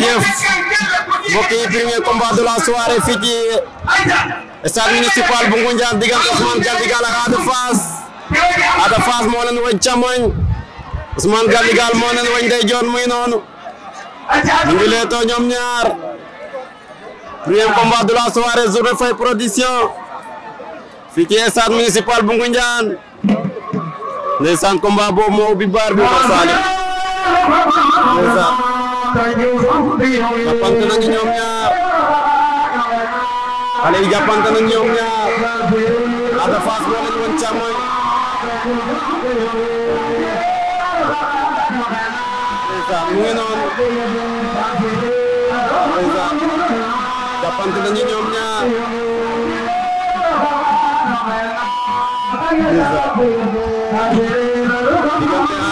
jërëjëf mbokk yi premier combat de la soirée fii ci stade municipal bu Ngoundiane diggante Ousmane Gandigal ak Ada Fass Ada Fass moo leen wañ càmmoñ Ousmane Gandigal moo leen wañ ndeyjoor muy noonu ñu ngi leetoo ñoom ñaar premier combat de la soirée journée Faye production fii ci stade municipal bu Ngoundiane ndeysaan combat boobu moo ubbi baar bi ba Salim ndeysaan jàppante nañu ñoom ñaar xale yi jàppante nañu ñoom ñaar Ada Fass moo leen woon càmmoñ mu ngi noonu jàppante nañu ñoom ñaar diggante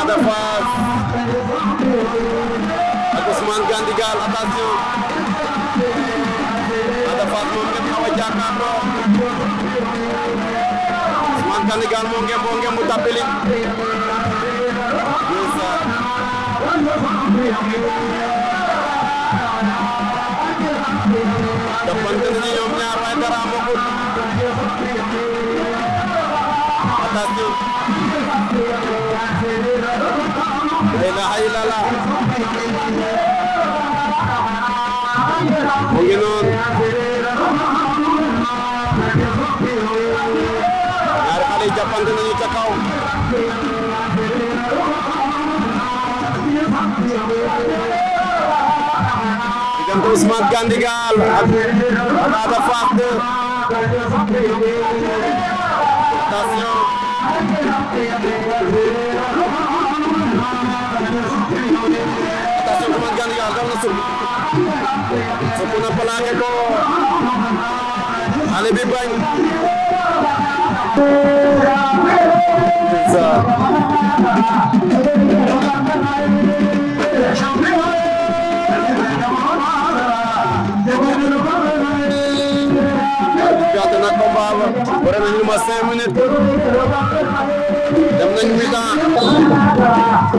Ada Fass ak Ousmane Gandigal attention Ada Fass moom ngeen xaw a jàkkaarloo Ousmane Gandigal moo ngeen moo ngeen mu tàbbali dapante nañu ñoom ñaar waaye dara amagul attention la ilaha illallah mu ngi noonu ñaari xale yi jàppante ca kaw diggante Ousmane Gandigal ak Ada Fass 2 attention attention Oumar Gandigal dal na sëb sëb na plaqué ko xale bi bañ sa gàtt na combat ba bare a lu ma cinq minutes dem nañ huit ans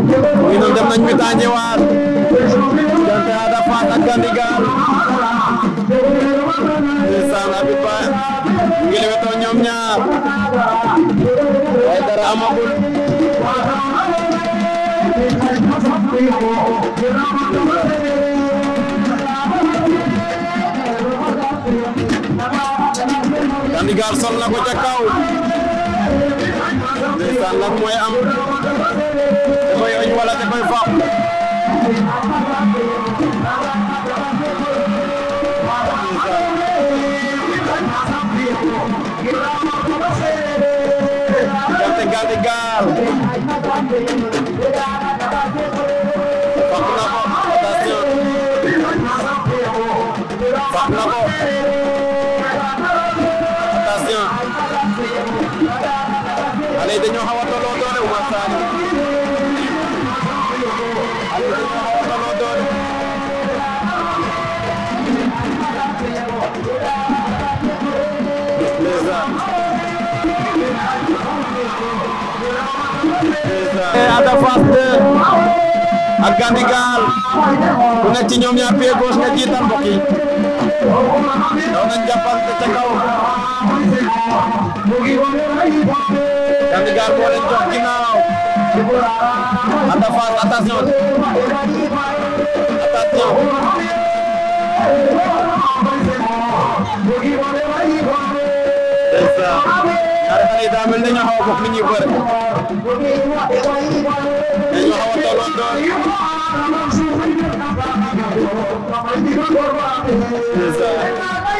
ñu noon dem nañ huit ans ñëwaat diggante Ada Fass ak Gandigal ndeysaan Habib Ba ngi lewetoo ñoom ñaar waaye dara amagul Bodyguard sol na ko ca kaw ndeysaan lan mooy am da koy oñ wala da dañoo xaw a tolloo doole wasaani xale yi eh, dañoo xaw a tolloo doole Ada Fass 2 ak Gandigal ku nekk ci ñoom ñaar pied gauche nga jiital mbokk yi daw nañ jàppante ca kaw Gandy Gare moo leen jox ginnaaw Ada Fass attention attention ndeysaan ñaari xale yi daa mel dañoo xaw a bokk ni ñuy bëre dañoo xaw a tolloon doon ndeysaan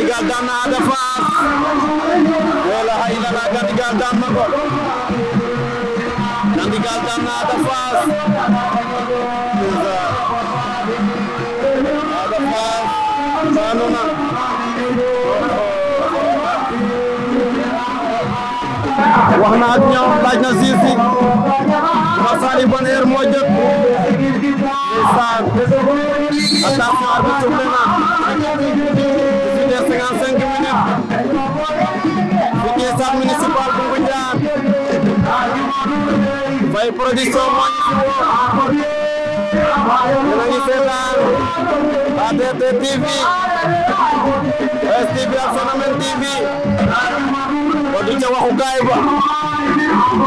Gandigal daan na Ada Fass wala hay la Gandigal daan na ko Gandigal daan na Ada Fass Ada Fass daanu na wax na ak ñoom laaj na siisi masali ban heure moo jot ndeysaan attention arbitre tourné na cinq minutes bu dee stade municipal bu Ngoundiane Faye production moo ñu woo yéen a ngi seetaan ATT TV STV ak Phénomène TV kon du ca waxukaay ba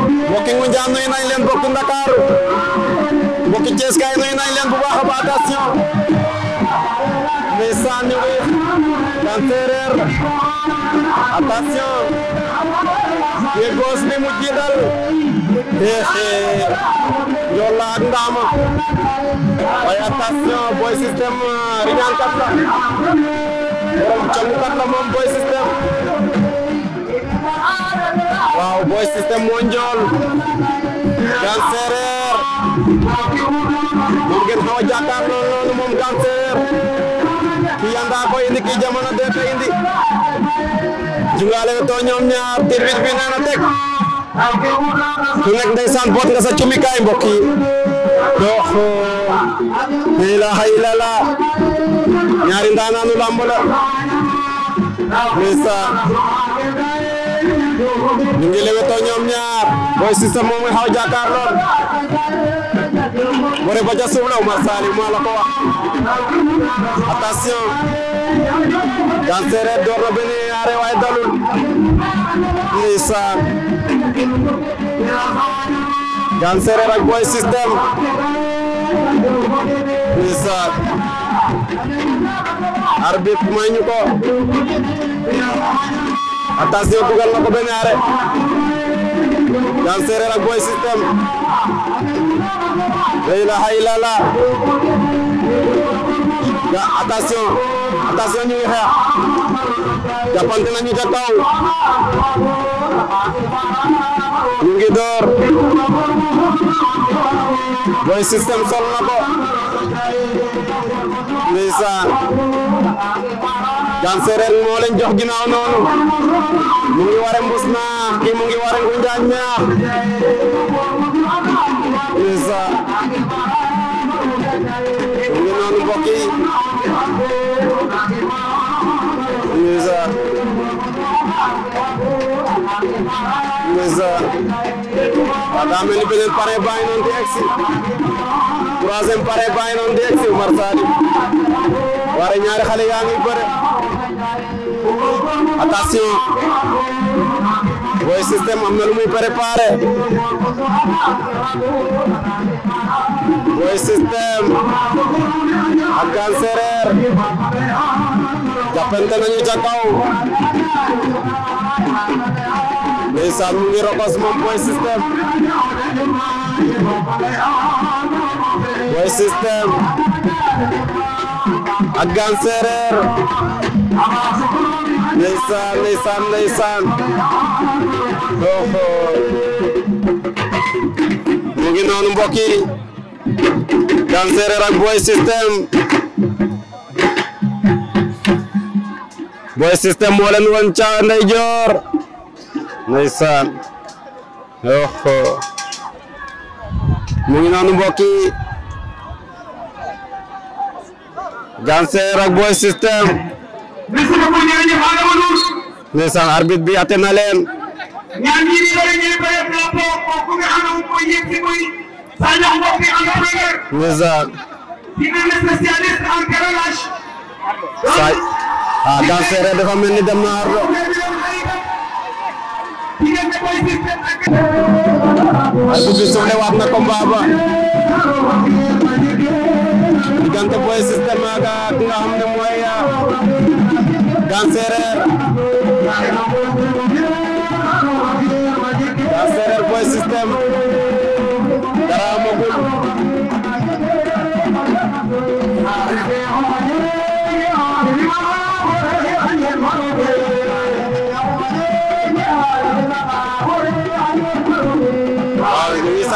mbokki Ngoundiane nuyu nañ leen mbokki Ndakaaru mbokki Thiès kaay nuyu nañ leen bu baax a baax attention ndeysaan ñu ngi daan séeréer attention pied gauche bi mu jiital déexee eh, eh. Njolla ak Ndaama waaye attention Boy System euh, riñaankat la borom camukat la moom Boy System waaw Boy System moo njool daan séeréer moom ngeen xaw a jàkkaarloo noonu moom daan séeréer kii yanda ko indi kii jamono dee ko indi jungaale na too ñoom ñaar tirwit bi nee na teg ku nekk ndeysaan boot nga sa cumikaay mbokk yi doox la ilaha ñaari ndaanaanu lamb la ndeysaan ñu ngi lewetoo ñoom ñaar booy système moom nga xaw jàkkaar mu ba ca suuf la Oumar Sali moo la ko wax attention Gane Seereer door na dalul ndeysaan Gane Seereer ak Boy System ndeysaan arbitre ñu ko attention dugal na ko benn ñaare Gane Seereer ak la ilaha illallah attention attention ñu ngi xeex jàppante nañu ca kaw ñu ngi door Boy System sol na ko ndeysaan Diane Sereer moo leen jox ginnaaw noonu mu ngi waree mbus naa kii mu ngi waree ngunjaan ñaax waaw daa mel ni beneen pare baa ngi di egg si pare baa ngi di egg Umar Sadio waaye ñaari xale yaa bëre attention Boy System am lu muy préparé Boy System ak Gane Serer jàppante nañu ca ndeysaan mu ngi rokas moom Boy System Boy System ak Gane Seereer ndeysaan ndeysaan ndeysaan mu ngi noonu mbokk yi ak Boy System Boy System moo leen ndeyjoor ndeysaan oh mu ngi noonu mbokk yi Diane Sayer ak Boy System ndeysaan arbitre bi atte na leen ñaan ñi ni lay ñi baye plapo ko nga xam ne mooy yëg ci muy sa ñax mbokk yi am premier ndeysaan dina le spécialiste en carrelage ah Diane Sayer dafa mel ni dem na ardo arbitre soxla waat na combat ba diggante Boy Système ak nga xam ne mooy euh, Gane Seereer Gane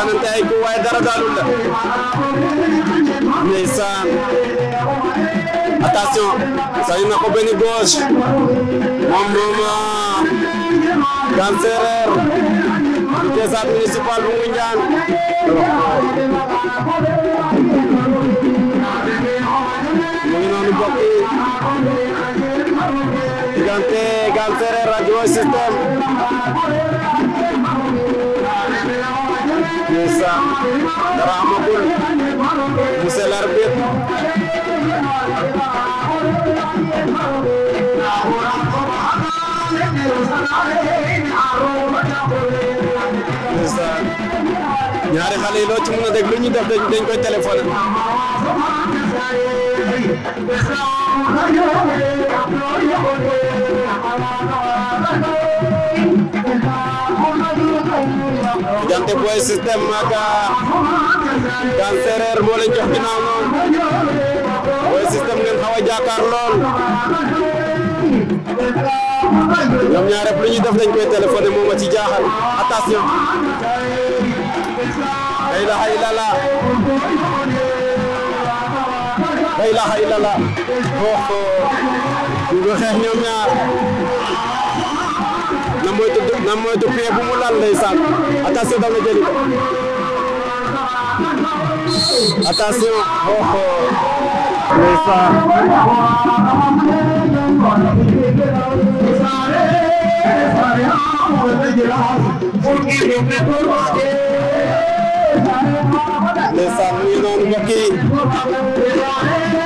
daanante ay ko waaye dara daanul la ndeysaan attention na ko benn gauche moom moom Gane municipal bu Ngoundiane mu ngi noonu bokk yi diggante Gane Seereer ndeysaan dara amagul monsieur l'arbitre ndeysaan ñaari xale yi loo ci mën a dégg lu ñu def dañ koy téléphoné diggante Boy System ak Gane Sereer moo leen jox ginnaaw noonu Boy System ngeen xaw a jàkkaar lool ñoom ñaar rek lu ñuy def dañ koy téléphoné moom a ci jaaxal attention la ilaha illallah la ilaha illallah oh oh ñu ngi ñoom ñaar na moytu na moytu pied bu mu laal ndeysaan attention daw na jëli ko attention oho ndeysaan ndeysaan mu ngi noonu mbokk yi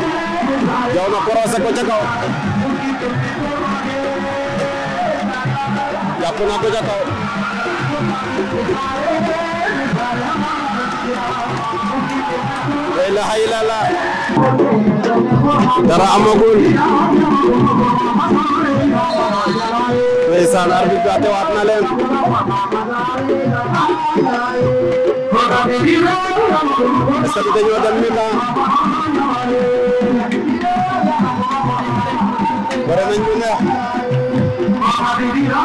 jaw na korose ko ca kaw jàpp na ko ca kaw la ilaha illallah dara amagul ndeysaan arbitre bi atewaat na leen est-ce que dem mi-temps bare nañ bu neex waaw Diane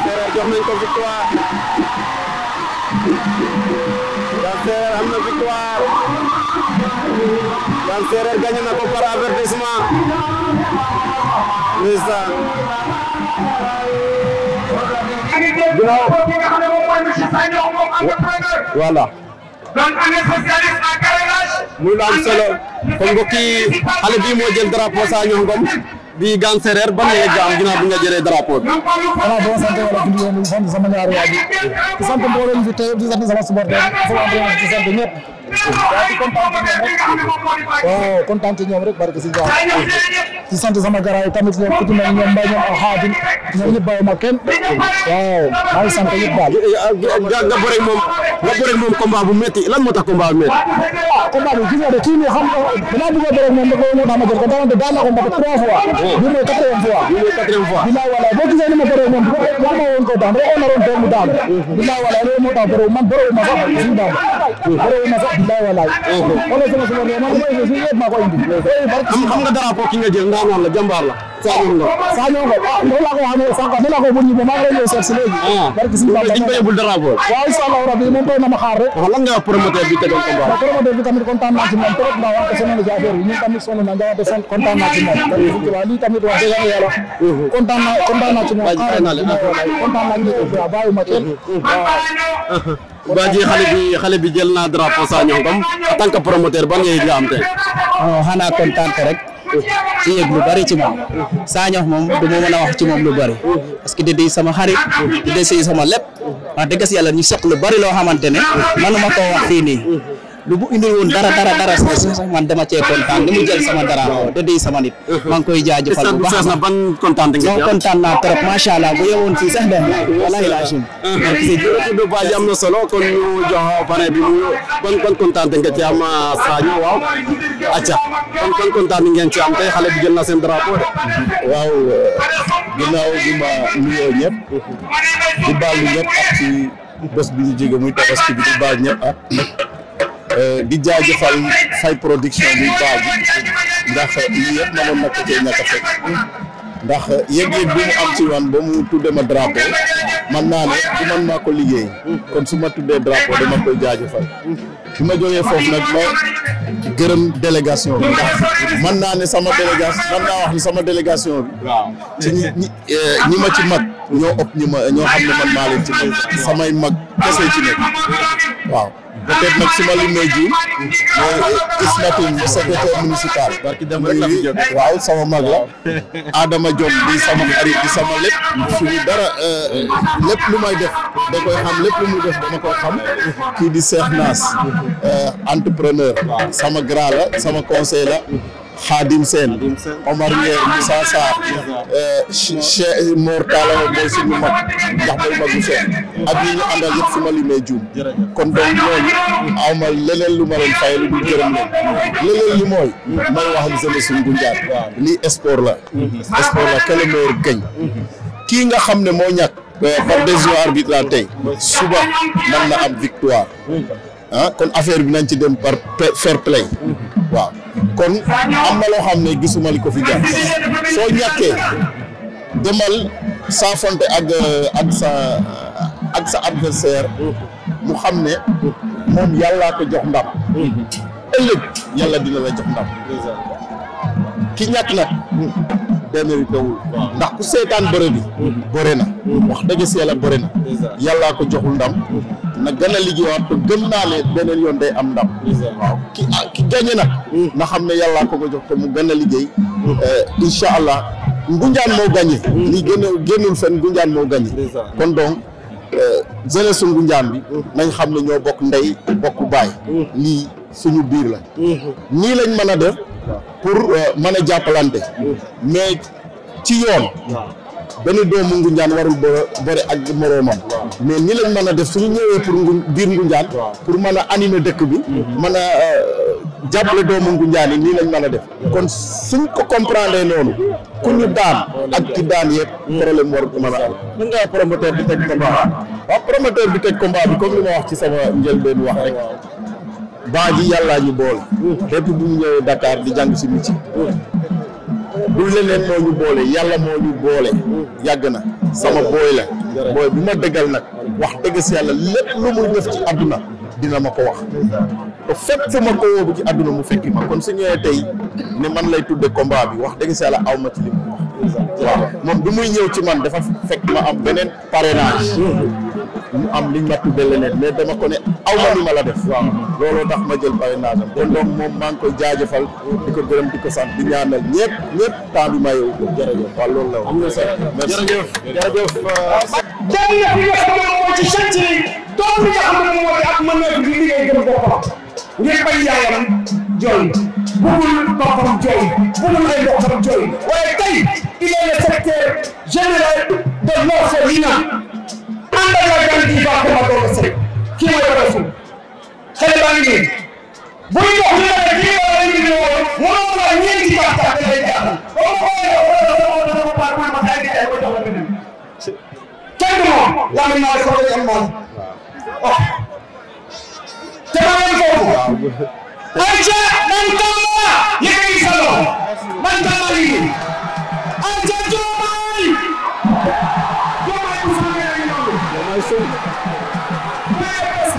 Serer jox nañ ko victoire Diane Serer am na victoire Diane Serer gagné na ko par avertissement ndeysaan voilà muy lu am solo kon mbokk yi xale bii moo jël drapeau Sagnokh Ngom bi gaan séeréer ban yëg nga am ginnaaw bi nga jëlee drapeau bi. xanaa dama sant wala di sant sama ñaari waay bi di sant mbooloo mi fi di sant sama supporter sama entraîneur di sant ñëpp. waaw kontaan ma kenn waaw maa ngi sant ñëpp daal nga bëre moom nga bëre moom combat bu métti lan moo tax combat bu métti ah combat bi gis nga de kii nii xam danaa bëgg a bëre moom da ko moo tax ma jël ko daanaka daan naa ko mbaa trois fois bii mooy quatrième fois bii mooy quatrième fois bilaa wala boo gisee ni ma bëre moom war ma woon ko daan rek on naroon toog man bëre ma sax suñu ma sax day walaay wala sama sama man li may indi si yëpp maa ko indi xam nga drapeau ki nga jël nga naan la jàmbaar la Sadio Ngo Sadio Ngo loolu laa ko waxee sànq loolu laa ko bu ñu ba maa ngi lay ñëw seet si léegi barki suñu bàmba dañ ko yóbbul drapeau waaw insha Allah rabbi moom doy na ma xaar rek lan nga promoteur bi tegal ko waaw promoteur bi tamit kontaan naa ci moom trop ndax wax ko sonal ci affaire bi ñun tamit sonal na nga wax kontaan naa ci moom waaw lii tamit wax dëgg yàlla kontaan naa kontaan naa ci moom kontaan naa ci moom waaw bàyyi ma kenn waaw waa ji xale bi xale bi jël naa drapeau saa ñoom en tant que promoteur ban yëg nga am tey. non oh, xanaa kontaan rek. ci yëg lu bari ci moom. saa ñoom moom du ma mën a wax ci moom lu bari. parce que di sama xarit. di sama lépp. wax dëgg si yàlla ñu soq lu bari loo xamante ne. manuma koo wax fii nii. lu mu indil woon dara dara dara sax man dama cee kontaan li mu sama dara te di sama nit maa ngi koy jaajëfal bu baax na ban kontaan nga kontaan naa trop macha allah bu yewoon sax dem wallaahi laa jëm am na solo kon ñu jox bi mu ban ban kontaan nga ci am ah, Sadio waaw acca kon kon kontaan ngeen ci am xale bi jël na seen drapeau waaw euh, ginnaaw bi ma nuyoo ñëpp di baalu ñëpp ak bi ñu jóge muy bi di baal ñëpp ak ah. Euh, di jaajëfal fay production bi baa bi ndax lii yëpp na ko cee ñàkk a fekk ndax yëg-yëg bi mu am ci wan ba mu tuddee ma drapeau man naa ne man maa ko liggéey su ma tuddee drapeau dama koy jaajëfal bi ma jógee foofu nag ma gërëm délégation bi naa ne sama délégation man naa wax ni sama délégation bi waaw ci ñi eh, ñi ma ci mag ñoo ëpp ñi ma ñoo xam ne man naa leen ci mag samay mag kese ci nekk waaw peut-être nag su ma limee jiw mooy Ismatul municipal. dem rek waaw sama mag la. Adama Diop di sama xarit di sama lépp. suñu dara euh, lépp lu may def da koy xam lépp lu muy def dama koy xam. kii di Cheikh Naas euh, entrepreneur. sama grand la sama conseil la. Khadim Sène Omar Yer Moussa Sarr Cheikh Mor Talla mooy suñu mag ndax mooy magu Cheikh ak ñi ñu àndal yëpp su limee juum kon donc ñooñu awma leneen lu ma leen fay lu dul gërëm leen leneen li mooy may wax ak jeunesse suñu Ngoundiane lii sport la sport la que le meilleur kii nga xam ne moo ñàkk par décision arbitrale tey suba mën na am victoire kon affaire bi nañ ci dem par fair play waaw kon am na loo xam ne gisuma li ko fi jaar soo ñàkkee demal saafonte ak ak sa ak adversaire mu xam ne moom yàllaa ko jox ndam mm-hmm. ëllëg yàlla dina la jox ndam ki ñàkk nag démérité wul ndax ku seetaan bëre bi bëre na wax dëgg si yàlla bëre na yàllaa ko joxul ndam na gën a liggéeyaat te gëm naa ne beneen yoon day am ndam waaw ki ah, gañe nag na xam ne yàllaa ko ko jox te mu gën a liggéey eh, incha allah Ngunjaan moo gañe li gën a génnul fen Ngunjaan moo gañe kon donc eh, jeunesse su Ngunjaan bi nañ xam ne ñoo bokk ndey bokk baay lii suñu biir la nii lañ mën a def pour euh, mën a jàppalante mais ci yoon benn doomu Ngunjaan warul bëre ak moroomam mais ni lañ mën a def suñu ñëwee pour ngu biir Ngunjaan pour man a animer dëkk bi mën a euh, jàppale doomu Ngunjaan yi nii lañ mën a def kon su suñ ko comprendre noonu ku ñu daan ak ci daan yëpp problème war man a am mën ngaa promoteur bi teg combat waaw promoteur bi teg combat bi comme li ma wax ci sama njëlbeen wax rek baa ji yàllaa ñu bool depuis bu ñu ñëwee Dakar di jàng si métier du leneen moo ñu boole yàlla moo ñu boole yàgg na sama booy la booy bu ma dëggal nag wax dëgg si yàlla lépp lu muy def ci àdduna dina ma ko wax te fépp ma ko wóobu ci àdduna mu fekki ma kon su ñëwee tey ne man lay tudde combat bi wax dëgg si yàlla aw ma ci li wax waaw moom bi muy ñëw ci man dafa fekk ma am beneen parrainage ñu am liñ ma tuddee leneen mais dama ko ne aw ma li ma la def. waaw looloo tax ma jël parrainage am. kon donc moom maa ngi koy jaajëfal. di ko gërëm di ko sant di ñaanal ñëpp ñëpp temps bi mayewu ko jërëjëf. waaw loolu la am na solo jërëjëf jërëjëf. jërëjëf bi nga xam ne moom moo ci chantier yi. tool bi nga xam ne moom moo ci ak mën na di liggéey gëm boppam. ngir bañ yaayam jooy. bugul boppam jooy. bugul ay boppam jooy. waaye tey il est le secteur général de l'orphelinat ànd ak waa jàng ci baax ko ma doon sëriñ kii mooy Bada Sow xale baa ngi nii bu ñu wax ñu ne kii wala ñu ne woon mënoo la ñeenti baax sax da lay jaaxal ba ma ko waxee wala sama wala sama paar mu ne ma saa ngi jaay ko jox la beneen kenn moom laa mel naa ko am moom oh te ma leen foofu ayca man tàmma yëkkati sa loxo man tàmma lii ayca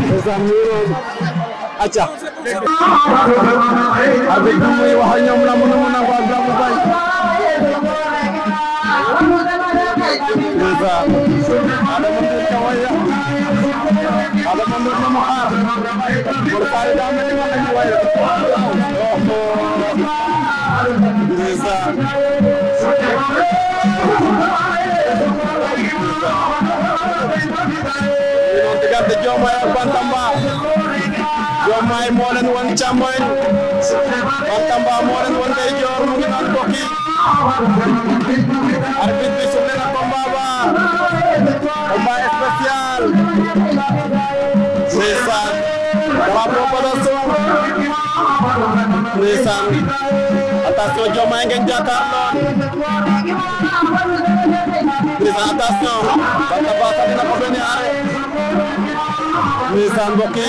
ndeysaan ñu ngi acca avec bi muy wax ak ñoom la mu nu mu nangu ak la mu bañ ndeysaan adama ndur ka waya adama ndur na mu xaar pour pare daa mel ni wax ak waya ndeysaan ndeysaan diggante Diomaye ak Bantamba Diomaye moo leen wan càmmoñ Bantamba moo leen wan ndeyjoor mu ngi naan bokki arbitre bi su leen combat ba combat spécial ndeysaan dama proposition ndeysaan attention Diomaye ngeen jàkkaarloon ndeysaan attention Bantamba sax dina ko benn arrêt ndeysaan mbokk yi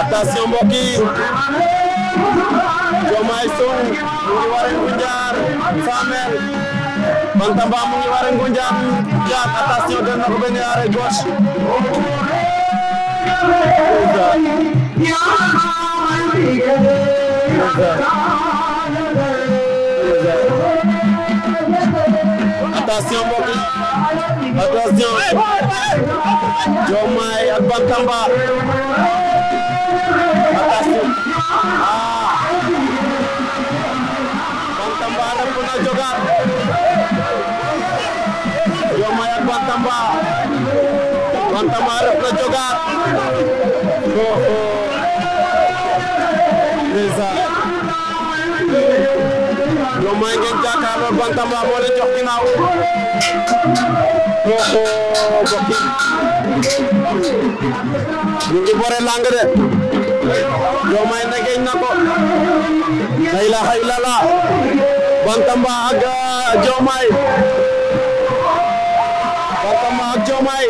attention mbokk yi Diomaye Sow mu ngi waree Ngunjaan Samel mu ngi waree Ngunjaan na ko benn yaare gauche attention mbokk yi attention Diomaye ak Bantamba attention ah Bantamba rëpp na jogaat Diomaye ak Bantamba Bantamba rëpp na jogaat oh oh ñoom mooy ngeen jàkkaarloo Bantamba moo leen jox ginnaaw oxo bokki ñu ngi bore lang de ñoom mooy ndegeñ na ko la ilaha illallah Bantamba euh, ak Diomaye Bantamba ak Diomaye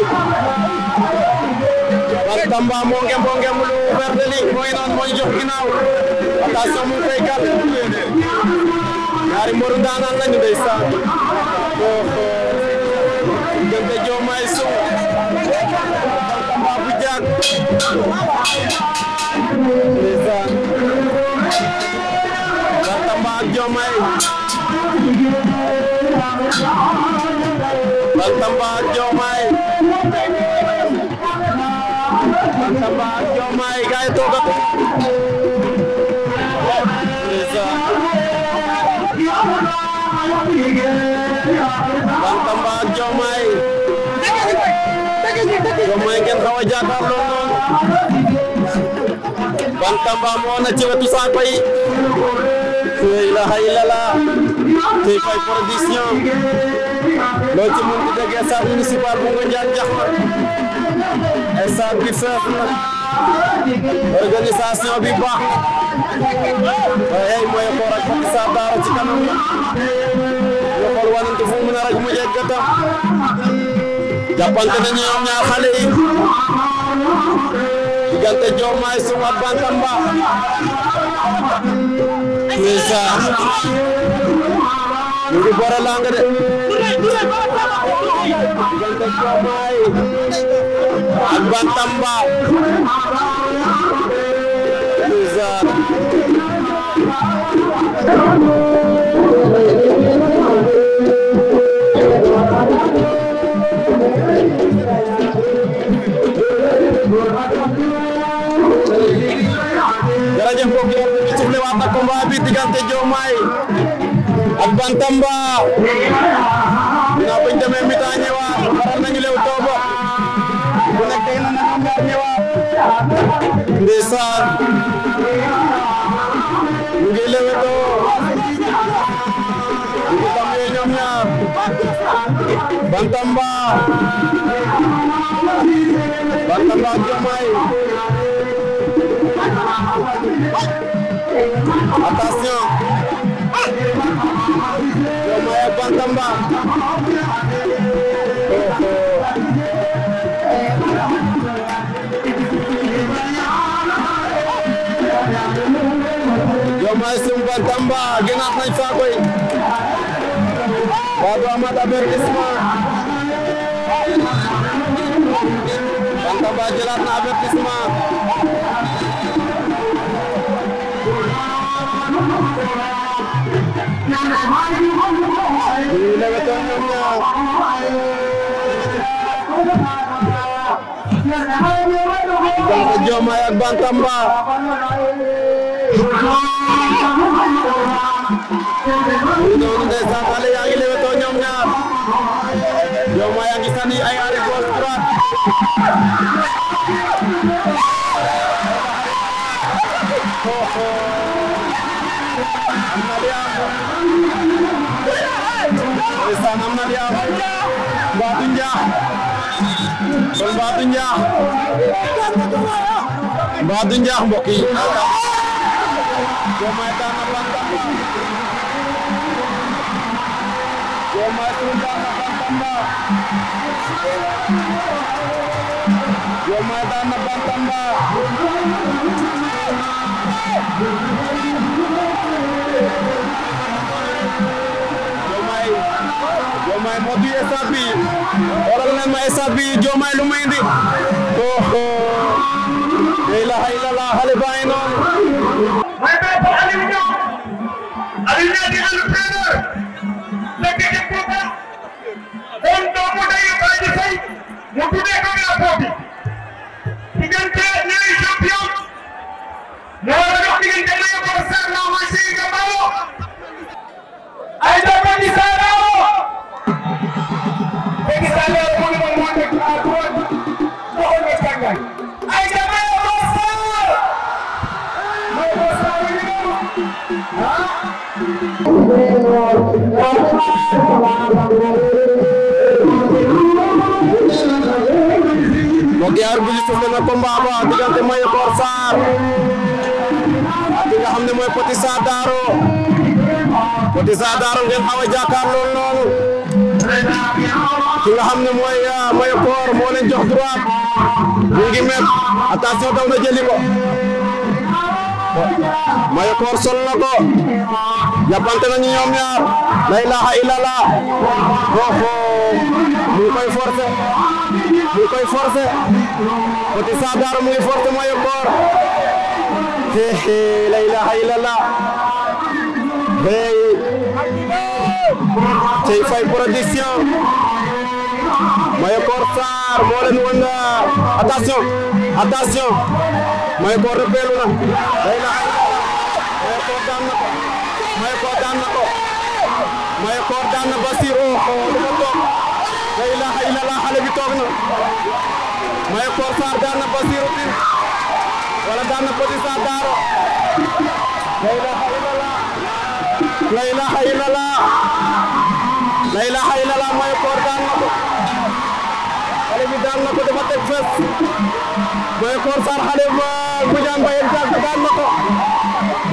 Bantamba moo ngem bo ngem lu vert li mooy noon mooy jox ginnaaw attention mu koy kat ñaari mboolu ndaanaan lañu ndeysaan Bébé Diomaye Sow Babou Diack ndeysaan Bantamba ak Diomaye Bantamba ak Diomaye Bantamba ak Diomaye gaay toogat Bantamba ak Diomaye Diomaye ngeen xaw a jàkkaarloo noonu Bantamba moo na ci wetu saako yi fey la hay lala tey fay production loo ci mun di déggee stade municipal bu Ngoundiane bi fees na bi baax waaye mooy xool ak Fatou Sarr ci kanam wanante fu mu ne rek mu jégg tam jàppante nañu ñoom ñaar xale yi diggante Diomaye Sow ak Bantamba Wessa ñu ngi boole lang de diggante Diomaye ak Bantamba Wessa daje boobu yàlla di suuf waat ak combat bi diggante ak Bantamba naa buñ demee taa ñëwaat waral nañu lew tooba bu nekk tey na nangam daal Bantamba Bantamba Diomaye attention Diomaye ak Bantamba Diomaye sum Bantamba gënaat nañ faa koy Badou Amad avertissement Bantamba jëlaat na avertissement ñuy lewetoo ñoom ñaar Tanko Diomaye ak Bantamba ñu doon ndeysaan xale yaa ngi lewetoo ñoom ñaar Diomaye yaa ngi sànni ay arrière gauche droite ndeysaan am na di am Mbathou Ndiakh kon Mbathou Ndiakh Mbathou Ndiakh mbokk yi Diomaye daan na Bantamba Diomaye suul daan na Bantamba Diomaye daan na Bantamba Diomaye moo di stade bi waral na ma stade bi Diomaye lu mu indi oho la ilaha illallah xale baa ngi noonu bi ci na combat ba diggante Mayakor Sarr ak ki nga ne mooy Petit Sarr Daro Petit ngeen xaw a jàkkaarloo lool ki nga xam ne mooy euh, Mayakor moo a jox droit mu ngi met attention daw na jëli ko Mayakor na ko ñoom ñaar la ilaha illallah foofu mu koy forcer mu koy forcé Petit Saat Daaru mu ngi forcé mooy la ilaha illallah tey fay production Mayakor Sarr moo leen woon attention attention Mayakor rëbbeelu la ilaha illallah Mayakor daan na ko Mayakor daan na ko xale bi toog na Mayor Koor Sarr daan na Basirou Tine la ilaha illallah la ilaha illallah Mayor Koor daan na ko xale bi daan na ko dafa teg fes Koor Sarr xale ba Bujaan Mbaye daan na ko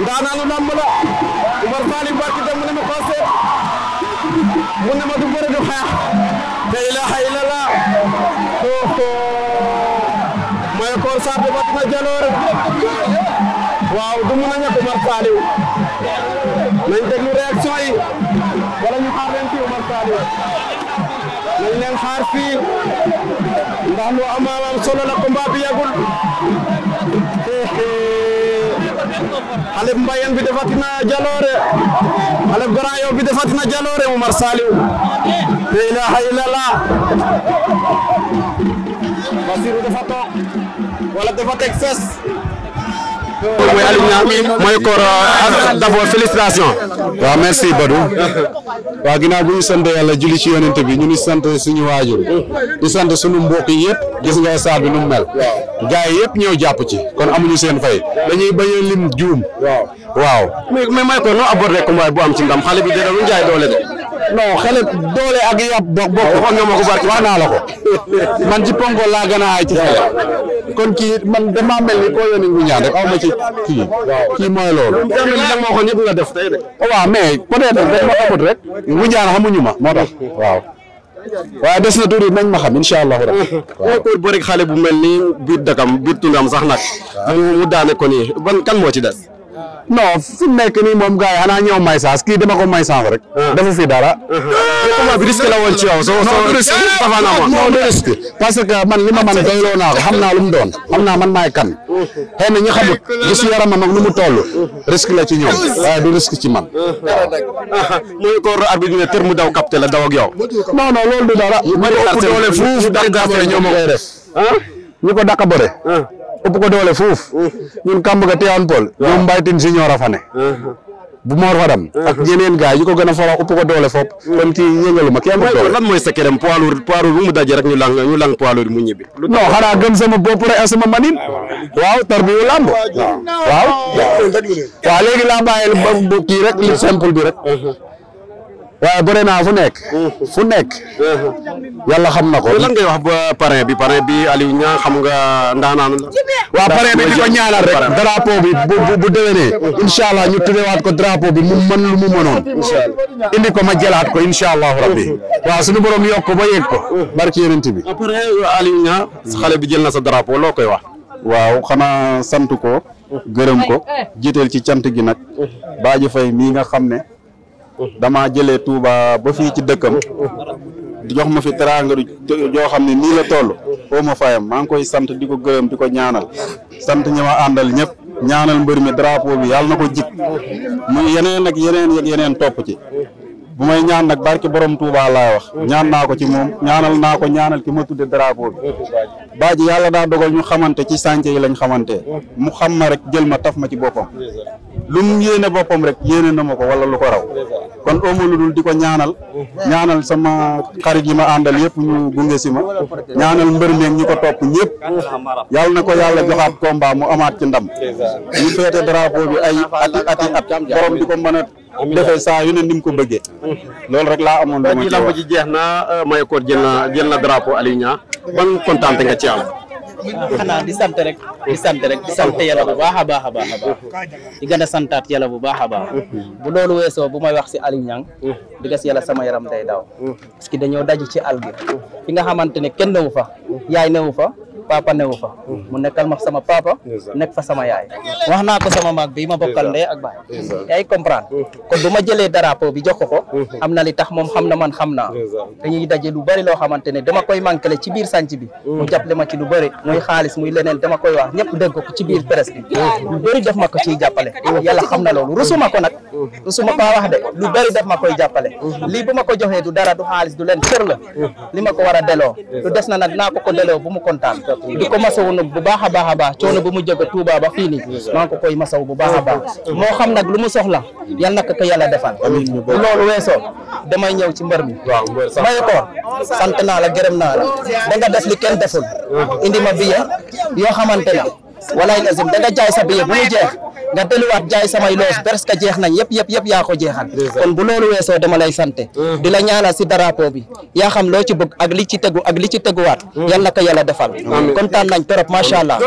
ndaanaanu lamb la Umar Sali barki dem mu ne ma ma du du xeex la ilaha illallah mooy koor saate ba dina jaloore waaw du mun a ñàkk Omar Saliou nañ déglu réaction yi wala ñu xaar leen fii Omar Saliou nañ leen solo la combat bi yàggul xale bu Mbayeen bi defati na jaloore xale bu Grand Yoff bi defati na jaloore Omar Saliou la ilaha illallah Basiru dafa toog wala dafa teg fees mooy Aliou Niang mooy koor euh, d'abord félicitation. waaw merci Badou. waaw ginnaaw bu ñu sant yàlla julli ci yonent bi ñu ngi sant suñu waajur. di sant suñu mbokk yëpp gis nga saar bi nu mu mel. waaw yi yëpp ñëw jàpp ci kon amuñu seen fay. dañuy bañ a lim juum. waaw waaw. mais mais may ko noo am ci ndam xale bi dina lu jaay doole de. non xale doole ak yàpp bokk. waaw waxoon nga ma ko barki wax naa la ko. man ci ponko laa gën a ci xale. kon kii man damaa mel ni koo yónni ngu ñaan rek aw ma ci kii mooy loolu. ko ñëpp nga def tey de. ngu ñaan xamuñu ma moo tax waaw. des na tuuti nañ ma xam incha allah. waaw kooku bëri xale bu mel ni biir dakam biir tundam sax nag. mu daane ko nii ban kan moo ci des. non fi mu nekk nii moom gars yi xanaa ñëw may saas kii dama ko may saas rek. Ah. dafa fi dara. Ah. comment bi risque la woon ci yow. soo soo non du risque parce que man li ma mën doyloo naa ko xam naa lu mu doon xam naa man maay kan. xëy na ñu xamut gis yaramam ak nu mu toll. risque la ci ñoom ah. waaye def. ñu ko dàq bëre. ëpp ko doole fuuf ñun kàmb ga Tivaouane Peulh ñoom Mbaye Tine Junior a fa ne uh-huh. bu moor fa dam uh-huh. ak ñeneen gaay yu ko gën a fara ëpp ko doole fop uh-huh. kon kii yëngalu ma kii am doole lan mooy sa kerem poids lourd poids mu dajee rek ñu lang ñu lang poids mu ñibbi non xanaa gëm sama bopp rek ak manin ah, waaw tarbiyu làmb waaw waaw léegi laa bàyyil ba kii rek li simple bi rek waaye bëre naa fu nekk. Mm-hmm. fu nekk. Mm-hmm. yàlla xam na ko. lan ngay wax ba parrain bi parrain bi Aliou ñaa xam nga ndaanaan la. waaw parrain bi di ko ñaanal rek drapeau bi bu bu bu allah ñu tuddewaat ko drapeau bi mu man lu mu mënoon. indi ko ma jëlaat ko incha allahu rabbi. Mm-hmm. waaw suñu borom yokk ko ba yegg ko. barki yonent bi. après euh, Aliou ñaa xale bi jël na sa drapeau loo koy wax. waaw xanaa sant ko. gërëm ko jiiteel ci cant gi nag. Baaji Fay mii nga xam ne. damaa jële Touba ba fii ci dëkkam jox ma fi teraanga joo xam ne nii la toll oo ma fayam maa ngi koy sant di ko gërëm di ko ñaanal sant ñi ma àndal ñëpp ñaanal mbër mi drapeau bi yàlla na ko jik mu yeneen ak yeneen yeneen topp ci bu may ñaan nag barki borom Touba laa wax ñaan naa ko ci moom ñaanal naa ko ñaanal ki ma tudde drapeau bi baaji yàlla daa dogal ñu xamante ci sànce yi lañ xamante mu xam ma rek jël ma taf ma ci boppam lu mu boppam rek yéene na ma ko wala lu raw kon amu lu dul di ko ñaanal mm-hmm. ñaanal sama xarit yi ma àndal yëpp ñu gunge si ma ñaanal mbër meeg ñi ko topp ñëpp yàlla na ko yàlla joxaat combat mu amaat ci ndam ñu feete drapeau bi ay ati ati at borom di ko mën a defee saa yu ne ni ko bëggee mm-hmm. loolu rek laa amoon dama ji jeex na euh, Mayakor jël na jël na drapeau Aliou Niang ban kontaan nga ci am xanaa di sant rek di sant rek di sant yàlla bu baax a baax a baax a baax di a santaat yàlla bu baax a baax bu loolu weesoo bu may wax si Aliou Niang di gas yàlla sama yaram day daaw parce que dañoo daj ci àll gi fi nga xamante ne kenn newu fa yaay newu fa papa newu fa mu nekkal ma sama papa nekk fa sama yaay wax naa ko sama maag bi ma bokkal ndey ak baay yaay comprendre kon bu ma jëlee drapeau bi jox ko ko uhuh. am na li tax moom xam na man xam naa dañuy daje lu bëri loo xamante ne dama koy manqué ci biir sànc bi uhuh. mu jàppale ma ci lu bëri muy xaalis muy leneen dama koy wax ñëpp dégg ko ci biir presse bi uhuh. lu bëri def ma ko ciy jàppale yàlla xam na loolu rusuma ko nag rusuma ko wax de lu bëri def ma koy jàppale ko joxee du la li ma ko war a deloo lu des na nag naa bu di ko masawu nag bu baax a baax a baax coono bu mu a Touba ba fii nii maa ngi ko koy masaw bu baax a baax moo xam nag lu mu soxla yal na ko ko a defal bu loolu weesoo damay ñëw ci mbër mi may ko sant naa la gërëm naa la da nga def li kenn deful indi ma biya yoo xamante na walaay lazim da nga jaay sa billet bu mu jeex nga delluwaat jaay samay loos presque jeex nañ yëpp yëpp yëpp yaa ko jeexal kon bu loolu weesoo dama lay sant di la ñaanal si drapeau bi yaa xam loo ci bëgg ak li ci tegu ak li ci teguwaat yal na ko yàlla defal kontaan nañ trop macha allah